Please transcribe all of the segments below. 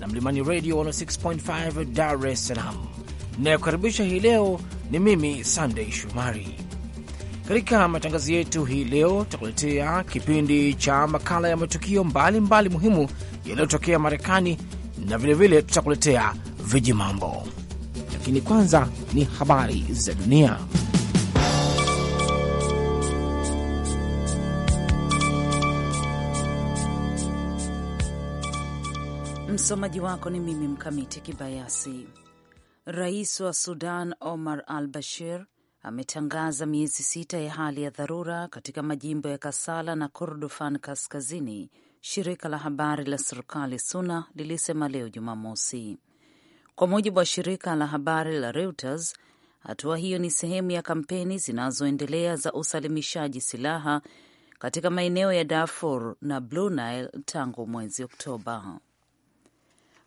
na Mlimani Radio 106.5 Dar es Salaam. Inayokaribisha hii leo ni mimi Sandei Shumari. Katika matangazo yetu hii leo, tutakuletea kipindi cha makala ya matukio mbalimbali mbali muhimu yaliyotokea Marekani, na vilevile tutakuletea viji mambo, lakini kwanza ni habari za dunia. Msomaji wako ni mimi Mkamiti Kibayasi. Rais wa Sudan Omar al Bashir ametangaza miezi sita ya hali ya dharura katika majimbo ya Kasala na Kordofan Kaskazini, shirika la habari la serikali SUNA lilisema leo Jumamosi, kwa mujibu wa shirika la habari la Reuters. Hatua hiyo ni sehemu ya kampeni zinazoendelea za usalimishaji silaha katika maeneo ya Darfur na Blue Nile tangu mwezi Oktoba.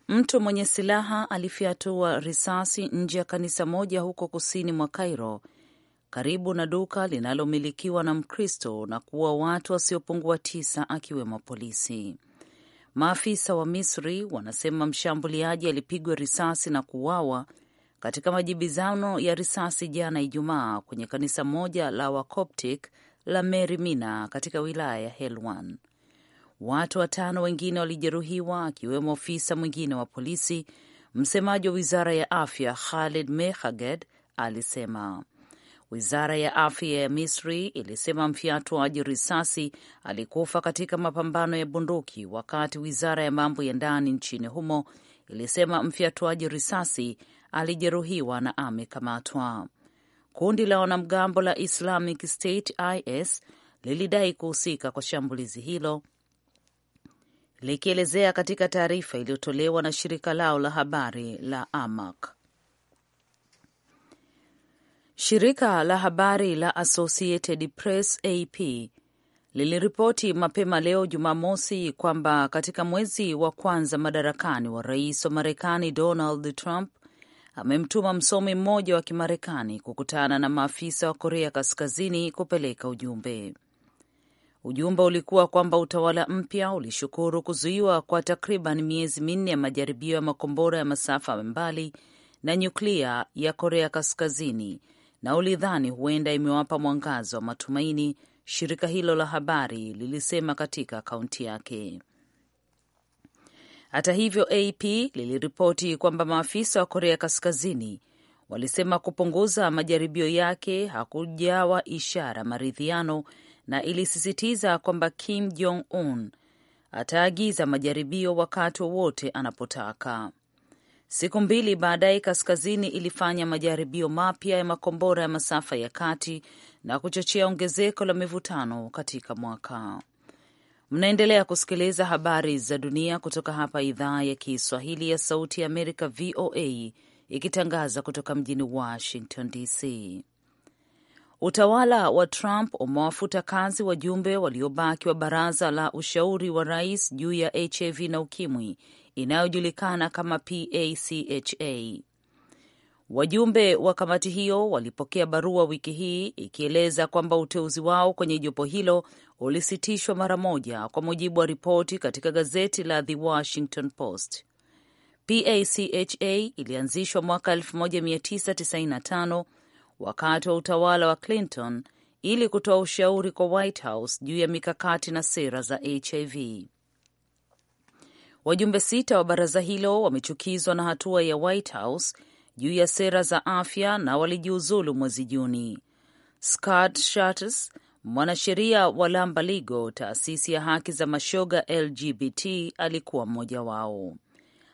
Mtu mwenye silaha alifyatua risasi nje ya kanisa moja huko kusini mwa Cairo karibu na duka linalomilikiwa na Mkristo na kuua watu wasiopungua tisa akiwemo polisi. Maafisa wa Misri wanasema mshambuliaji alipigwa risasi na kuuawa katika majibizano ya risasi jana Ijumaa kwenye kanisa moja la Wakoptic la Mary Mina katika wilaya ya Helwan. Watu watano wengine walijeruhiwa akiwemo ofisa mwingine wa polisi. Msemaji wa wizara ya afya Khalid Mehaged alisema wizara ya afya ya Misri ilisema mfyatuaji risasi alikufa katika mapambano ya bunduki, wakati wizara ya mambo ya ndani nchini humo ilisema mfyatuaji risasi alijeruhiwa na amekamatwa. Kundi la wanamgambo la Islamic State IS lilidai kuhusika kwa shambulizi hilo likielezea katika taarifa iliyotolewa na shirika lao la habari la Amak. Shirika la habari la Associated Press AP liliripoti mapema leo Jumamosi kwamba katika mwezi wa kwanza madarakani wa rais wa Marekani Donald Trump amemtuma msomi mmoja wa Kimarekani kukutana na maafisa wa Korea Kaskazini kupeleka ujumbe. Ujumbe ulikuwa kwamba utawala mpya ulishukuru kuzuiwa kwa takriban miezi minne ya majaribio ya makombora ya masafa mbali na nyuklia ya Korea Kaskazini na ulidhani huenda imewapa mwangazo wa matumaini, shirika hilo la habari lilisema katika akaunti yake. Hata hivyo, AP liliripoti kwamba maafisa wa Korea Kaskazini walisema kupunguza majaribio yake hakujawa ishara maridhiano na ilisisitiza kwamba Kim Jong Un ataagiza majaribio wakati wowote anapotaka. Siku mbili baadaye, Kaskazini ilifanya majaribio mapya ya makombora ya masafa ya kati na kuchochea ongezeko la mivutano katika mwaka. Mnaendelea kusikiliza habari za dunia kutoka hapa idhaa ya Kiswahili ya Sauti ya Amerika, VOA, ikitangaza kutoka mjini Washington DC. Utawala wa Trump umewafuta kazi wajumbe waliobaki wa baraza la ushauri wa rais juu ya HIV na ukimwi inayojulikana kama PACHA. Wajumbe wa kamati hiyo walipokea barua wiki hii ikieleza kwamba uteuzi wao kwenye jopo hilo ulisitishwa mara moja, kwa mujibu wa ripoti katika gazeti la The Washington Post. PACHA ilianzishwa mwaka 1995 wakati wa utawala wa Clinton ili kutoa ushauri kwa White House juu ya mikakati na sera za HIV. Wajumbe sita wa baraza hilo wamechukizwa na hatua ya White House juu ya sera za afya na walijiuzulu mwezi Juni. Scott Shatters, mwanasheria wa Lamba Ligo, taasisi ya haki za mashoga LGBT, alikuwa mmoja wao.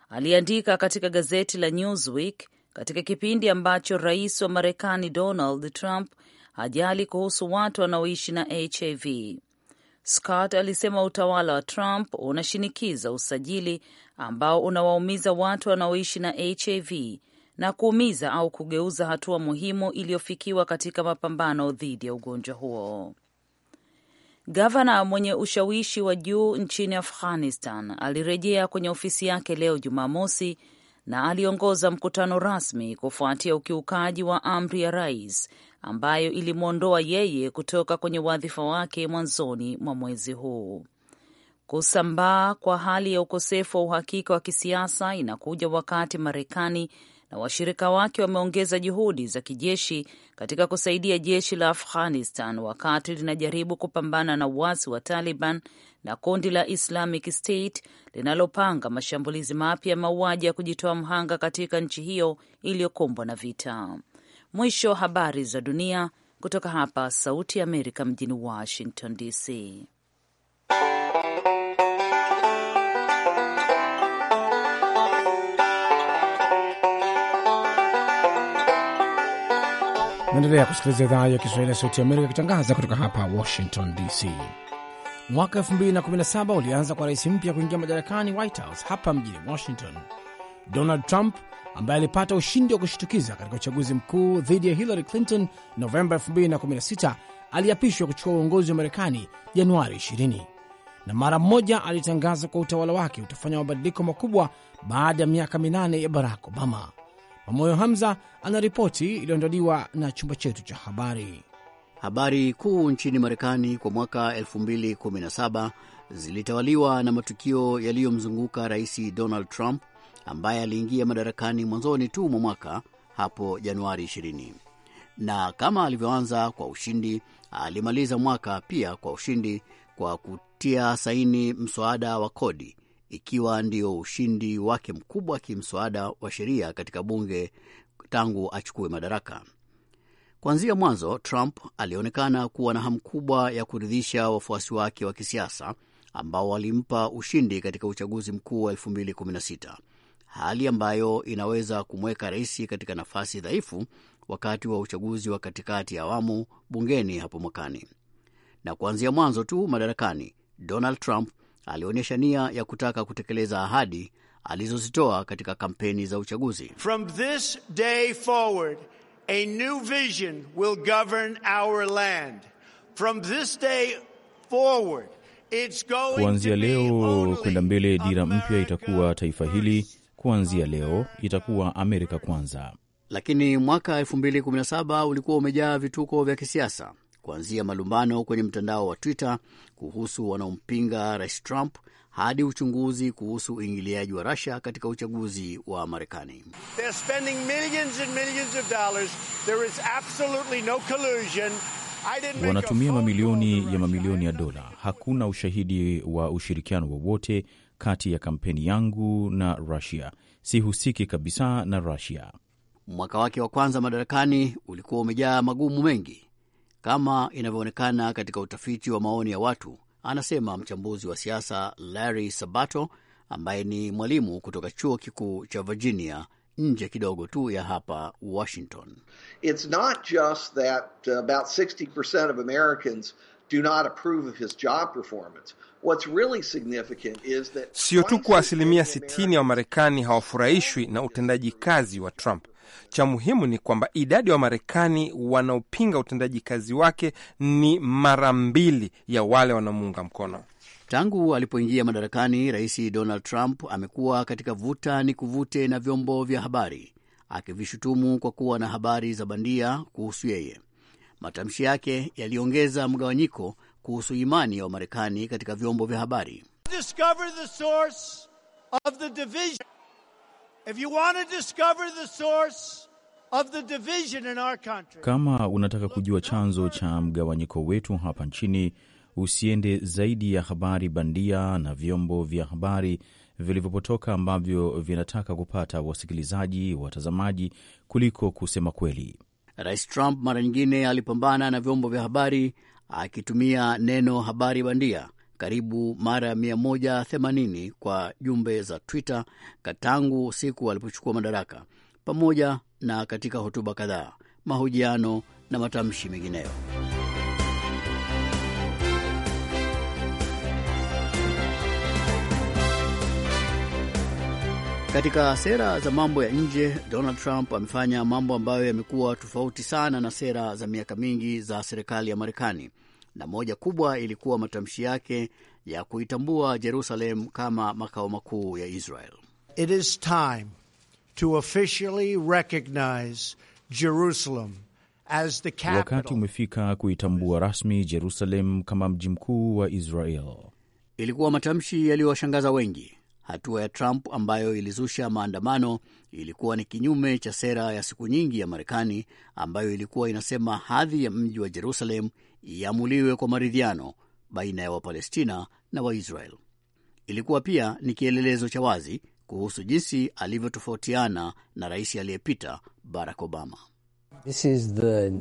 Aliandika katika gazeti la Newsweek katika kipindi ambacho rais wa Marekani Donald Trump hajali kuhusu watu wanaoishi na HIV. Scott alisema utawala wa Trump unashinikiza usajili ambao unawaumiza watu wanaoishi na HIV na kuumiza au kugeuza hatua muhimu iliyofikiwa katika mapambano dhidi ya ugonjwa huo. Gavana mwenye ushawishi wa juu nchini Afghanistan alirejea kwenye ofisi yake leo Jumamosi na aliongoza mkutano rasmi kufuatia ukiukaji wa amri ya rais ambayo ilimwondoa yeye kutoka kwenye wadhifa wake mwanzoni mwa mwezi huu. Kusambaa kwa hali ya ukosefu wa uhakika wa kisiasa inakuja wakati Marekani na washirika wake wameongeza juhudi za kijeshi katika kusaidia jeshi la Afghanistan wakati linajaribu kupambana na uasi wa Taliban na kundi la Islamic State linalopanga mashambulizi mapya ya mauaji ya kujitoa mhanga katika nchi hiyo iliyokumbwa na vita. Mwisho wa habari za dunia kutoka hapa Sauti ya Amerika mjini Washington DC. Naendelea kusikiliza idhaa ya Kiswahili ya Sauti ya Amerika ikitangaza kutoka hapa Washington DC. Mwaka 2017 ulianza kwa rais mpya kuingia madarakani White House hapa mjini Washington. Donald Trump ambaye alipata ushindi wa kushitukiza katika uchaguzi mkuu dhidi ya Hillary Clinton Novemba 2016 aliapishwa kuchukua uongozi wa Marekani Januari 20 na mara mmoja alitangaza kwa utawala wake utafanya mabadiliko makubwa baada ya miaka minane ya Barack Obama. Mamoyo Hamza ana ripoti iliyoandaliwa na chumba chetu cha habari. Habari kuu nchini Marekani kwa mwaka 2017 zilitawaliwa na matukio yaliyomzunguka Rais Donald Trump ambaye aliingia madarakani mwanzoni tu mwa mwaka hapo Januari 20 na kama alivyoanza kwa ushindi, alimaliza mwaka pia kwa ushindi kwa kutia saini mswada wa kodi, ikiwa ndio ushindi wake mkubwa kimswada wa sheria katika bunge tangu achukue madaraka. Kuanzia mwanzo, Trump alionekana kuwa na hamu kubwa ya kuridhisha wafuasi wake wa kisiasa ambao walimpa ushindi katika uchaguzi mkuu wa 2016 hali ambayo inaweza kumweka rais katika nafasi dhaifu wakati wa uchaguzi wa katikati ya awamu bungeni hapo mwakani. Na kuanzia mwanzo tu madarakani, Donald Trump alionyesha nia ya kutaka kutekeleza ahadi alizozitoa katika kampeni za uchaguzi. From this day forward, a new vision will govern our land. From this day forward, it's going kuanzia leo kwenda mbele, dira mpya itakuwa taifa hili. Kuanzia leo itakuwa Amerika kwanza. Lakini mwaka 2017 ulikuwa umejaa vituko vya kisiasa, kuanzia malumbano kwenye mtandao wa Twitter kuhusu wanaompinga Rais Trump hadi uchunguzi kuhusu uingiliaji wa Russia katika uchaguzi wa Marekani. Wanatumia mamilioni ya mamilioni ya dola. Hakuna ushahidi wa ushirikiano wowote kati ya kampeni yangu na Russia. Sihusiki kabisa na Russia. Mwaka wake wa kwanza madarakani ulikuwa umejaa magumu mengi, kama inavyoonekana katika utafiti wa maoni ya watu anasema mchambuzi wa siasa Larry Sabato ambaye ni mwalimu kutoka chuo kikuu cha Virginia nje kidogo tu ya hapa Washington. It's not just that uh, about 60% of Americans do not approve of his job performance. What's really significant is that sio tu kuwa asilimia 60 ya Wamarekani hawafurahishwi na utendaji kazi wa Trump, cha muhimu ni kwamba idadi ya Wamarekani wanaopinga utendaji kazi wake ni mara mbili ya wale wanaomuunga mkono. Tangu alipoingia madarakani, Rais Donald Trump amekuwa katika vuta ni kuvute na vyombo vya habari, akivishutumu kwa kuwa na habari za bandia kuhusu yeye. Matamshi yake yaliongeza mgawanyiko kuhusu imani ya Wamarekani katika vyombo vya habari. If you want to discover the source of the division in our country, kama unataka kujua chanzo cha mgawanyiko wetu hapa nchini, usiende zaidi ya habari bandia na vyombo vya habari vilivyopotoka ambavyo vinataka kupata wasikilizaji, watazamaji kuliko kusema kweli. Rais Trump mara nyingine alipambana na vyombo vya habari akitumia neno habari bandia karibu mara 180 kwa jumbe za Twitter katangu siku alipochukua madaraka, pamoja na katika hotuba kadhaa, mahojiano na matamshi mengineyo. Katika sera za mambo ya nje, Donald Trump amefanya mambo ambayo yamekuwa tofauti sana na sera za miaka mingi za serikali ya Marekani na moja kubwa ilikuwa matamshi yake ya kuitambua Jerusalem kama makao makuu ya Israel. It is time to officially recognize Jerusalem as the capital. Wakati umefika kuitambua rasmi Jerusalem kama mji mkuu wa Israel. Ilikuwa matamshi yaliyowashangaza wengi. Hatua ya Trump ambayo ilizusha maandamano ilikuwa ni kinyume cha sera ya siku nyingi ya Marekani ambayo ilikuwa inasema hadhi ya mji wa Jerusalem iamuliwe kwa maridhiano baina ya Wapalestina na Waisrael. Ilikuwa pia ni kielelezo cha wazi kuhusu jinsi alivyotofautiana na rais aliyepita Barack Obama. This is the,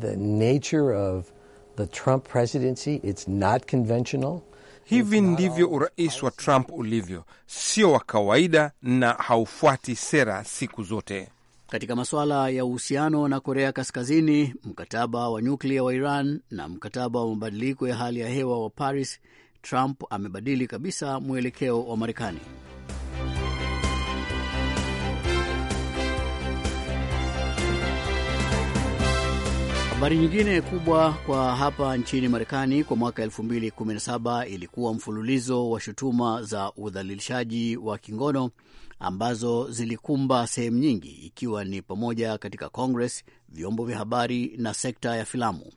the nature of the Trump presidency. It's not conventional. Hivi ndivyo urais wa Trump ulivyo, sio wa kawaida na haufuati sera siku zote katika masuala ya uhusiano na Korea Kaskazini, mkataba wa nyuklia wa Iran na mkataba wa mabadiliko ya hali ya hewa wa Paris, Trump amebadili kabisa mwelekeo wa Marekani. Habari nyingine kubwa kwa hapa nchini Marekani kwa mwaka 2017 ilikuwa mfululizo wa shutuma za udhalilishaji wa kingono ambazo zilikumba sehemu nyingi, ikiwa ni pamoja katika Congress, vyombo vya habari na sekta ya filamu.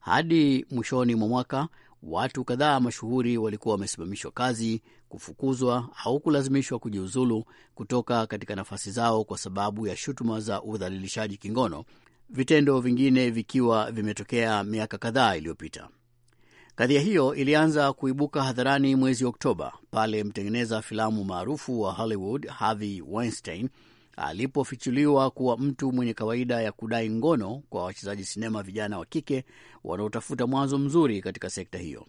Hadi mwishoni mwa mwaka, watu kadhaa mashuhuri walikuwa wamesimamishwa kazi, kufukuzwa au kulazimishwa kujiuzulu kutoka katika nafasi zao kwa sababu ya shutuma za udhalilishaji kingono vitendo vingine vikiwa vimetokea miaka kadhaa iliyopita. Kadhia hiyo ilianza kuibuka hadharani mwezi Oktoba pale mtengeneza filamu maarufu wa Hollywood Harvey Weinstein alipofichuliwa kuwa mtu mwenye kawaida ya kudai ngono kwa wachezaji sinema vijana wa kike wanaotafuta mwanzo mzuri katika sekta hiyo.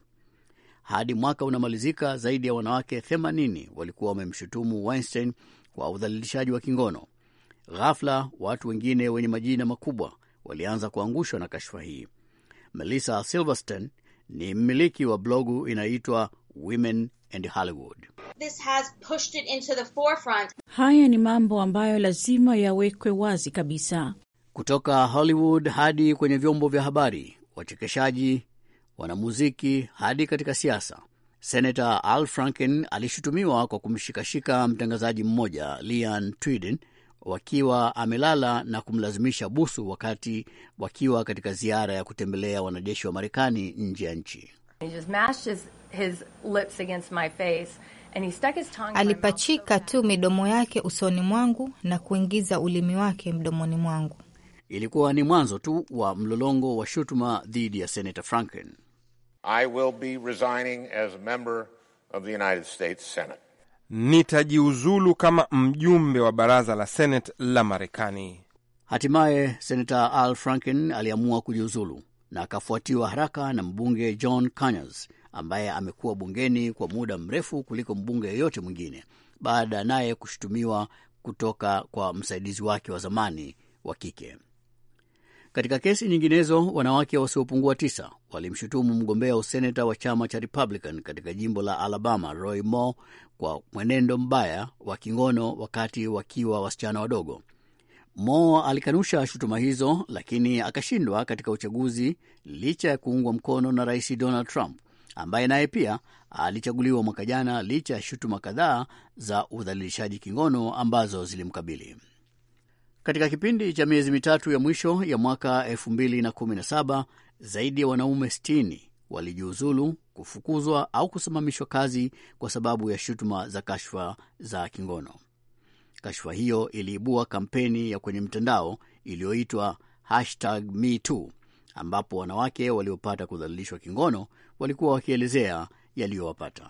Hadi mwaka unamalizika, zaidi ya wanawake 80 walikuwa wamemshutumu Weinstein kwa udhalilishaji wa kingono. Ghafla watu wengine wenye majina makubwa walianza kuangushwa na kashfa hii. Melissa Silverstein ni mmiliki wa blogu inayoitwa Women and Hollywood. This has pushed it into the forefront. Haya ni mambo ambayo lazima yawekwe wazi kabisa, kutoka Hollywood hadi kwenye vyombo vya habari, wachekeshaji, wanamuziki, hadi katika siasa. Senata Al Franken alishutumiwa kwa kumshikashika mtangazaji mmoja Lian Tweeden wakiwa amelala na kumlazimisha busu wakati wakiwa katika ziara ya kutembelea wanajeshi wa Marekani nje ya nchi. Alipachika tu midomo yake usoni mwangu na kuingiza ulimi wake mdomoni mwangu. Ilikuwa ni mwanzo tu wa mlolongo wa shutuma dhidi ya Senator Franklin. I will be resigning as a member of the United States Senate nitajiuzulu kama mjumbe wa baraza la Senate la Marekani. Hatimaye senata Al Franken aliamua kujiuzulu na akafuatiwa haraka na mbunge John Conyers ambaye amekuwa bungeni kwa muda mrefu kuliko mbunge yeyote mwingine, baada naye kushutumiwa kutoka kwa msaidizi wake wa zamani wa kike. Katika kesi nyinginezo, wanawake wasiopungua tisa walimshutumu mgombea useneta wa chama cha Republican katika jimbo la Alabama, Roy Moore, kwa mwenendo mbaya wa kingono wakati wakiwa wasichana wadogo. Moore alikanusha shutuma hizo, lakini akashindwa katika uchaguzi licha ya kuungwa mkono na Rais Donald Trump ambaye naye pia alichaguliwa mwaka jana licha ya shutuma kadhaa za udhalilishaji kingono ambazo zilimkabili. Katika kipindi cha miezi mitatu ya mwisho ya mwaka 2017 zaidi ya wanaume 60 walijiuzulu, kufukuzwa au kusimamishwa kazi kwa sababu ya shutuma za kashfa za kingono. Kashfa hiyo iliibua kampeni ya kwenye mtandao iliyoitwa hashtag me too, ambapo wanawake waliopata kudhalilishwa kingono walikuwa wakielezea yaliyowapata.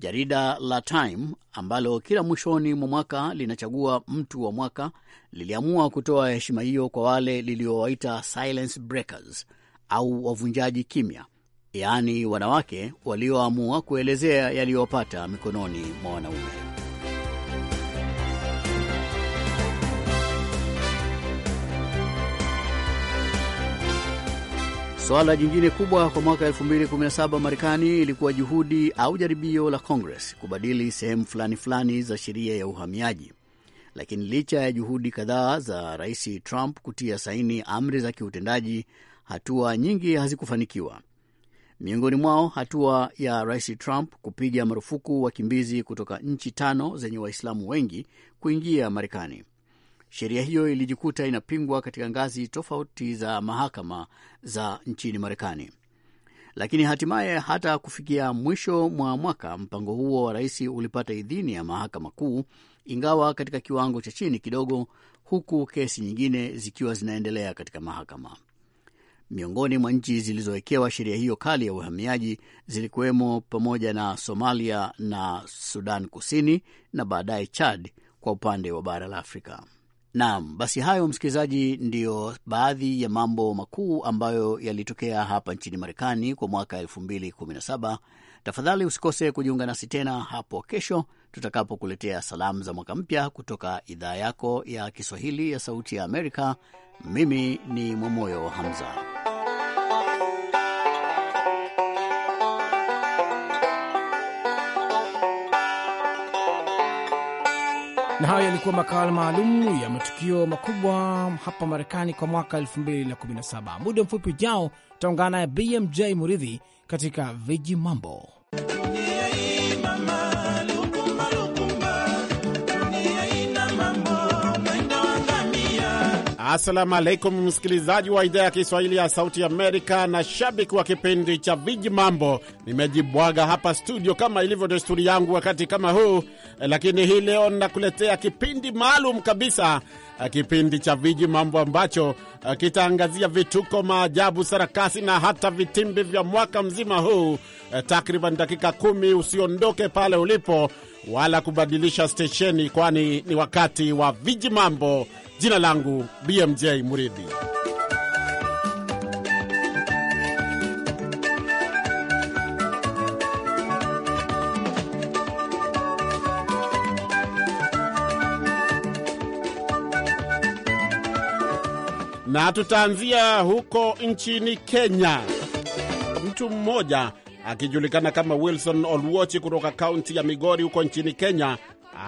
Jarida la Time ambalo kila mwishoni mwa mwaka linachagua mtu wa mwaka liliamua kutoa heshima hiyo kwa wale liliowaita silence breakers au wavunjaji kimya, yaani wanawake walioamua kuelezea yaliyowapata mikononi mwa wanaume. Suala jingine kubwa kwa mwaka 2017 Marekani ilikuwa juhudi au jaribio la Congress kubadili sehemu fulani fulani za sheria ya uhamiaji. Lakini licha ya juhudi kadhaa za Rais Trump kutia saini amri za kiutendaji, hatua nyingi hazikufanikiwa. Miongoni mwao hatua ya Rais Trump kupiga marufuku wakimbizi kutoka nchi tano zenye Waislamu wengi kuingia Marekani. Sheria hiyo ilijikuta inapingwa katika ngazi tofauti za mahakama za nchini Marekani, lakini hatimaye, hata kufikia mwisho mwa mwaka, mpango huo wa rais ulipata idhini ya mahakama kuu, ingawa katika kiwango cha chini kidogo, huku kesi nyingine zikiwa zinaendelea katika mahakama. Miongoni mwa nchi zilizowekewa sheria hiyo kali ya uhamiaji zilikuwemo pamoja na Somalia na Sudan Kusini na baadaye Chad kwa upande wa bara la Afrika. Naam, basi hayo msikilizaji, ndiyo baadhi ya mambo makuu ambayo yalitokea hapa nchini Marekani kwa mwaka 217 Tafadhali usikose kujiunga nasi tena hapo kesho tutakapokuletea salamu za mwaka mpya kutoka idhaa yako ya Kiswahili ya Sauti ya Amerika. Mimi ni Mwamoyo wa Hamza. Na hayo yalikuwa makala maalum ya matukio makubwa hapa Marekani kwa mwaka 2017. Muda mfupi ujao utaungana ya BMJ Muridhi katika viji mambo. Assalamu alaikum, msikilizaji wa idhaa ya Kiswahili ya Sauti Amerika na shabiki wa kipindi cha Viji Mambo. Nimejibwaga hapa studio kama ilivyo desturi yangu wakati kama huu, lakini hii leo nakuletea kipindi maalum kabisa, kipindi cha Viji Mambo ambacho kitaangazia vituko, maajabu, sarakasi na hata vitimbi vya mwaka mzima huu. Takriban dakika kumi, usiondoke pale ulipo wala kubadilisha stesheni, kwani ni wakati wa viji mambo. Jina langu BMJ Muridhi. Na tutaanzia huko nchini Kenya. Mtu mmoja akijulikana kama Wilson Olwochi kutoka kaunti ya Migori huko nchini Kenya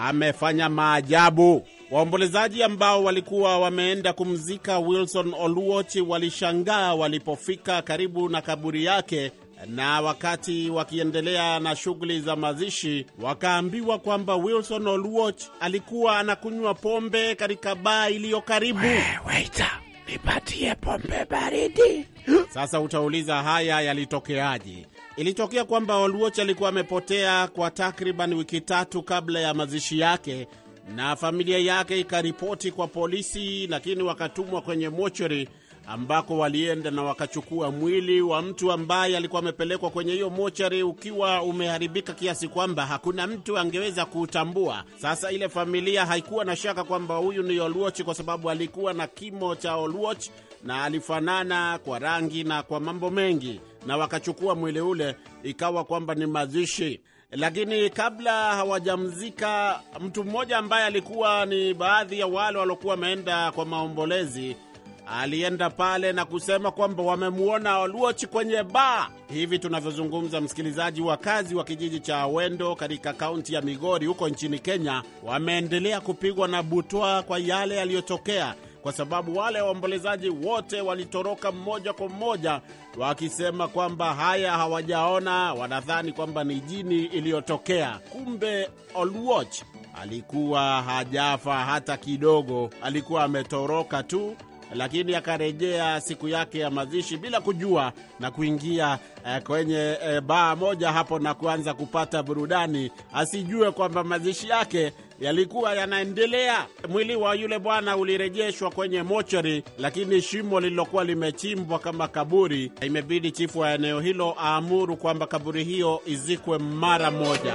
amefanya maajabu. Waombolezaji ambao walikuwa wameenda kumzika Wilson Olwochi walishangaa walipofika karibu na kaburi yake, na wakati wakiendelea na shughuli za mazishi, wakaambiwa kwamba Wilson Olwoch alikuwa anakunywa pombe katika baa iliyo karibu. waita nipatie pombe baridi. Sasa utauliza haya yalitokeaje? Ilitokea kwamba Oluoch alikuwa amepotea kwa takriban wiki tatu kabla ya mazishi yake, na familia yake ikaripoti kwa polisi, lakini wakatumwa kwenye mochari ambako walienda na wakachukua mwili wa mtu ambaye alikuwa amepelekwa kwenye hiyo mochari ukiwa umeharibika kiasi kwamba hakuna mtu angeweza kuutambua. Sasa ile familia haikuwa na shaka kwamba huyu ni Oluoch kwa sababu alikuwa na kimo cha Oluoch na alifanana kwa rangi na kwa mambo mengi na wakachukua mwili ule, ikawa kwamba ni mazishi. Lakini kabla hawajamzika, mtu mmoja ambaye alikuwa ni baadhi ya wale waliokuwa wameenda kwa maombolezi alienda pale na kusema kwamba wamemwona Oluoch kwenye baa. Hivi tunavyozungumza, msikilizaji, wakazi wa kijiji cha Wendo katika kaunti ya Migori huko nchini Kenya wameendelea kupigwa na butwa kwa yale yaliyotokea, kwa sababu wale waombolezaji wote walitoroka mmoja kwa mmoja wakisema kwamba haya hawajaona, wanadhani kwamba ni jini iliyotokea. Kumbe olwatch alikuwa hajafa hata kidogo, alikuwa ametoroka tu lakini akarejea siku yake ya mazishi bila kujua na kuingia eh, kwenye eh, baa moja hapo na kuanza kupata burudani, asijue kwamba mazishi yake yalikuwa yanaendelea. Mwili wa yule bwana ulirejeshwa kwenye mochari, lakini shimo lililokuwa limechimbwa kama kaburi, imebidi chifu wa eneo hilo aamuru kwamba kaburi hiyo izikwe mara moja.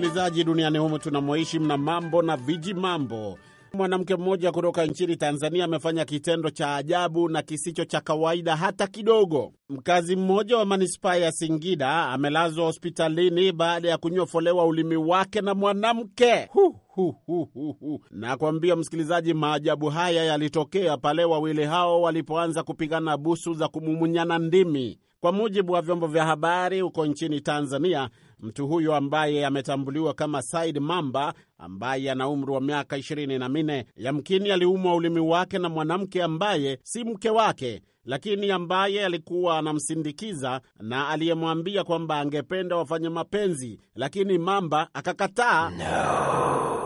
msikilizaji, duniani humu tunamoishi mna mambo na viji mambo. Mwanamke mmoja kutoka nchini Tanzania amefanya kitendo cha ajabu na kisicho cha kawaida hata kidogo. Mkazi mmoja wa manispaa ya Singida amelazwa hospitalini baada ya kunyofolewa ulimi wake na mwanamke huh. Na kuambia msikilizaji, maajabu haya yalitokea pale wawili hao walipoanza kupigana busu za kumumunyana ndimi. Kwa mujibu wa vyombo vya habari huko nchini Tanzania, Mtu huyo ambaye ametambuliwa kama Said Mamba, ambaye ana umri wa miaka ishirini na minne, yamkini aliumwa ulimi wake na mwanamke ambaye si mke wake, lakini ambaye alikuwa anamsindikiza na aliyemwambia kwamba angependa wafanye mapenzi, lakini Mamba akakataa. No,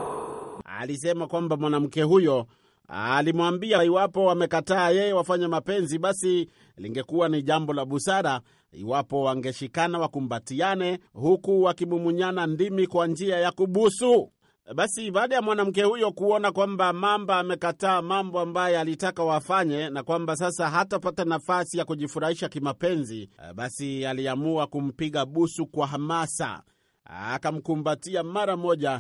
alisema kwamba mwanamke huyo Alimwambia iwapo wamekataa yeye wafanye mapenzi, basi lingekuwa ni jambo la busara iwapo wangeshikana wakumbatiane, huku wakimumunyana ndimi kwa njia ya kubusu. Basi baada ya mwanamke huyo kuona kwamba mamba amekataa mambo ambayo alitaka wafanye na kwamba sasa hatapata nafasi ya kujifurahisha kimapenzi, basi aliamua kumpiga busu kwa hamasa, akamkumbatia mara moja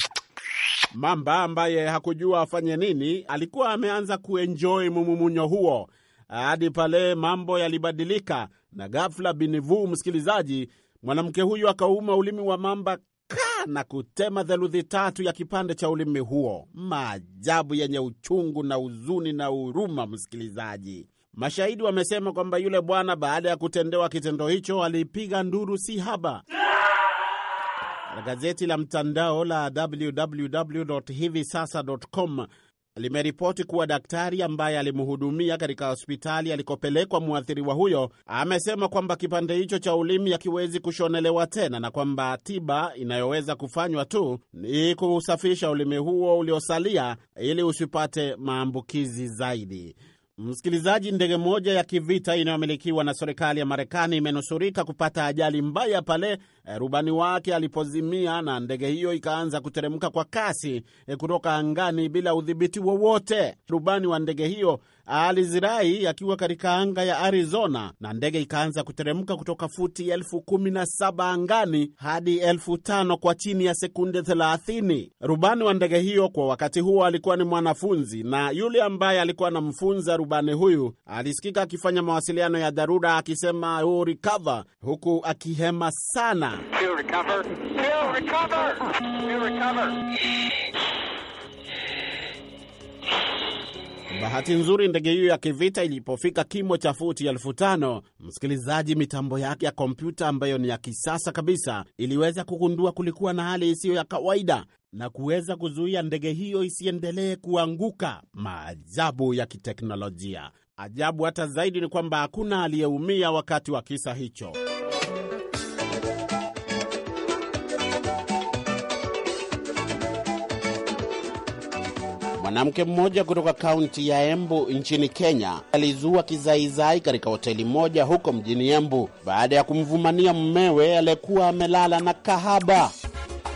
Mamba ambaye hakujua afanye nini, alikuwa ameanza kuenjoi mumumunyo huo hadi pale mambo yalibadilika, na ghafla binivu, msikilizaji, mwanamke huyu akauma ulimi wa mamba ka na kutema theluthi tatu ya kipande cha ulimi huo. Maajabu yenye uchungu na huzuni na huruma, msikilizaji. Mashahidi wamesema kwamba yule bwana baada ya kutendewa kitendo hicho alipiga nduru si haba Gazeti la mtandao la www hivi com limeripoti kuwa daktari ambaye alimhudumia katika hospitali alikopelekwa mwathiriwa huyo amesema kwamba kipande hicho cha ulimi hakiwezi kushonelewa tena na kwamba tiba inayoweza kufanywa tu ni kusafisha ulimi huo uliosalia ili usipate maambukizi zaidi. Msikilizaji, ndege moja ya kivita inayomilikiwa na serikali ya Marekani imenusurika kupata ajali mbaya pale E, rubani wake alipozimia na ndege hiyo ikaanza kuteremka kwa kasi e, kutoka angani bila udhibiti wowote. Rubani wa ndege hiyo alizirai akiwa katika anga ya Arizona, na ndege ikaanza kuteremka kutoka futi elfu kumi na saba angani hadi elfu tano kwa chini ya sekunde 30. Rubani wa ndege hiyo kwa wakati huo alikuwa ni mwanafunzi, na yule ambaye alikuwa anamfunza rubani huyu alisikika akifanya mawasiliano ya dharura akisema, oh, recover, huku akihema sana He'll recover. recover. recover. Bahati nzuri ndege hiyo ya kivita ilipofika kimo cha futi elfu tano, msikilizaji, mitambo yake ya kompyuta ambayo ni ya kisasa kabisa iliweza kugundua kulikuwa na hali isiyo ya kawaida na kuweza kuzuia ndege hiyo isiendelee kuanguka. Maajabu ya kiteknolojia! Ajabu hata zaidi ni kwamba hakuna aliyeumia wakati wa kisa hicho. Mwanamke mmoja kutoka kaunti ya Embu nchini Kenya alizua kizaizai katika hoteli moja huko mjini Embu baada ya kumvumania mmewe aliyekuwa amelala na kahaba.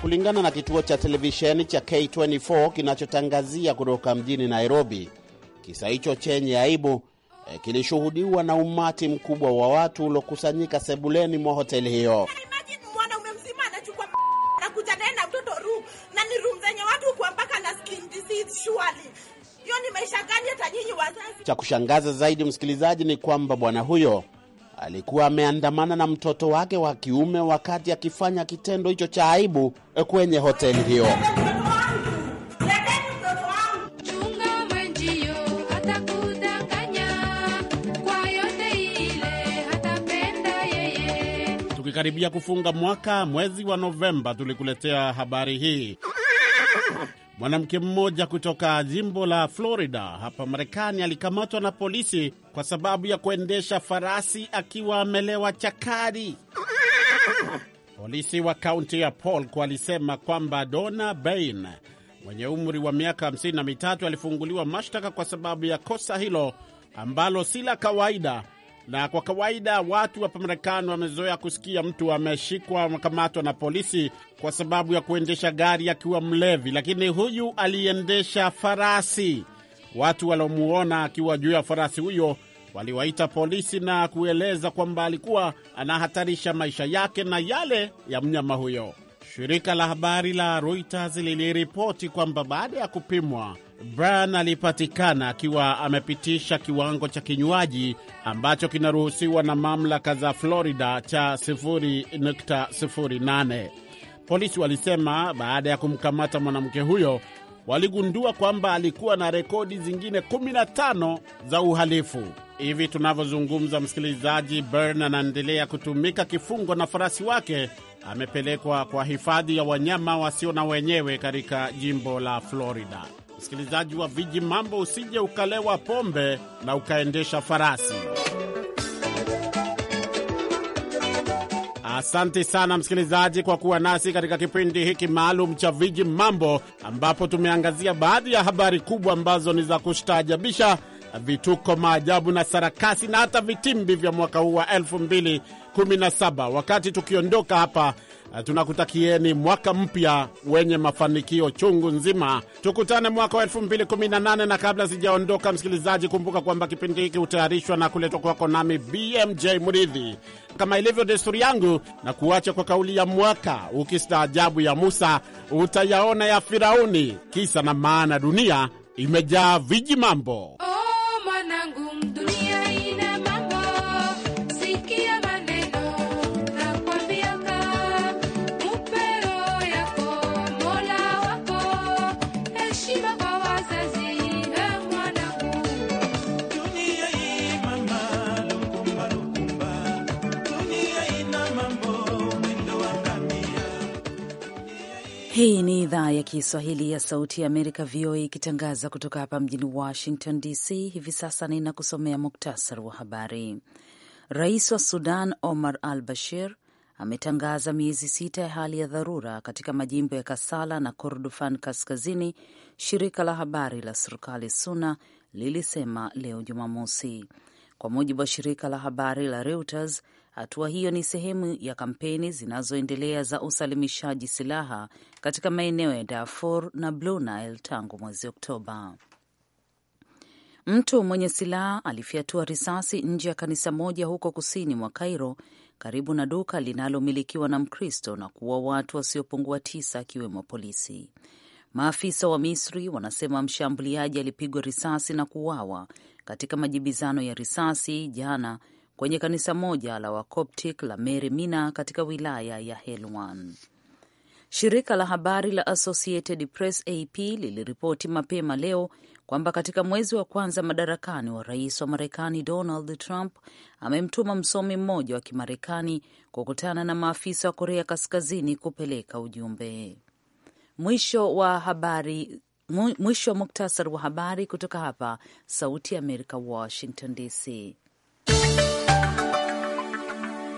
Kulingana na kituo cha televisheni cha K24 kinachotangazia kutoka mjini Nairobi, kisa hicho chenye aibu eh, kilishuhudiwa na umati mkubwa wa watu uliokusanyika sebuleni mwa hoteli hiyo. kushangaza zaidi, msikilizaji, ni kwamba bwana huyo alikuwa ameandamana na mtoto wake wa kiume wakati akifanya kitendo hicho cha aibu kwenye hoteli hiyo. Tukikaribia kufunga mwaka, mwezi wa Novemba tulikuletea habari hii Mwanamke mmoja kutoka jimbo la Florida hapa Marekani alikamatwa na polisi kwa sababu ya kuendesha farasi akiwa amelewa chakari. Polisi wa kaunti ya Polk walisema kwamba Donna Bain mwenye umri wa miaka 53 alifunguliwa mashtaka kwa sababu ya kosa hilo ambalo si la kawaida na kwa kawaida watu hapa Marekani wamezoea kusikia mtu ameshikwa, amekamatwa na polisi kwa sababu ya kuendesha gari akiwa mlevi, lakini huyu aliendesha farasi. Watu waliomuona akiwa juu ya farasi huyo waliwaita polisi na kueleza kwamba alikuwa anahatarisha maisha yake na yale ya mnyama huyo. Shirika la habari la Reuters liliripoti kwamba baada ya kupimwa Brian alipatikana akiwa amepitisha kiwango cha kinywaji ambacho kinaruhusiwa na mamlaka za Florida cha 0.08. Polisi walisema baada ya kumkamata mwanamke huyo waligundua kwamba alikuwa na rekodi zingine 15 za uhalifu. Hivi tunavyozungumza, msikilizaji, Bern anaendelea kutumika kifungo na farasi wake amepelekwa kwa hifadhi ya wanyama wasio na wenyewe katika jimbo la Florida. Msikilizaji wa Viji Mambo, usije ukalewa pombe na ukaendesha farasi. Asante sana msikilizaji kwa kuwa nasi katika kipindi hiki maalum cha Viji Mambo, ambapo tumeangazia baadhi ya habari kubwa ambazo ni za kustaajabisha, vituko, maajabu na sarakasi na hata vitimbi vya mwaka huu wa 2017 wakati tukiondoka hapa Eh, tunakutakieni mwaka mpya wenye mafanikio chungu nzima. Tukutane mwaka wa 218 na kabla sijaondoka, msikilizaji, kumbuka kwamba kipindi hiki hutayarishwa na kuletwa kwako nami BMJ Muridhi, kama ilivyo desturi yangu, na kuacha kwa kauli ya mwaka: ukistaajabu ya Musa utayaona ya Firauni. Kisa na maana, dunia imejaa viji mambo. Oh, Hii ni idhaa ya Kiswahili ya Sauti ya Amerika, VOA, ikitangaza kutoka hapa mjini Washington DC. Hivi sasa ninakusomea muktasari wa habari. Rais wa Sudan Omar al Bashir ametangaza miezi sita ya hali ya dharura katika majimbo ya Kasala na Kordofan Kaskazini, shirika la habari la serikali SUNA lilisema leo Jumamosi, kwa mujibu wa shirika la habari la Reuters. Hatua hiyo ni sehemu ya kampeni zinazoendelea za usalimishaji silaha katika maeneo ya Darfur na Blue Nile tangu mwezi Oktoba. Mtu mwenye silaha alifyatua risasi nje ya kanisa moja huko kusini mwa Cairo, karibu na duka linalomilikiwa na Mkristo na kuua watu wasiopungua tisa, akiwemo polisi. Maafisa wa Misri wanasema mshambuliaji alipigwa risasi na kuuawa katika majibizano ya risasi jana kwenye kanisa moja la Wakoptic la Mary Mina katika wilaya ya Helwan. Shirika la habari la Associated Press AP liliripoti mapema leo kwamba katika mwezi wa kwanza madarakani wa rais wa Marekani Donald Trump amemtuma msomi mmoja wa Kimarekani kukutana na maafisa wa Korea Kaskazini kupeleka ujumbe. Mwisho wa habari. Mwisho wa muktasari wa habari kutoka hapa Sauti ya Amerika, Washington DC.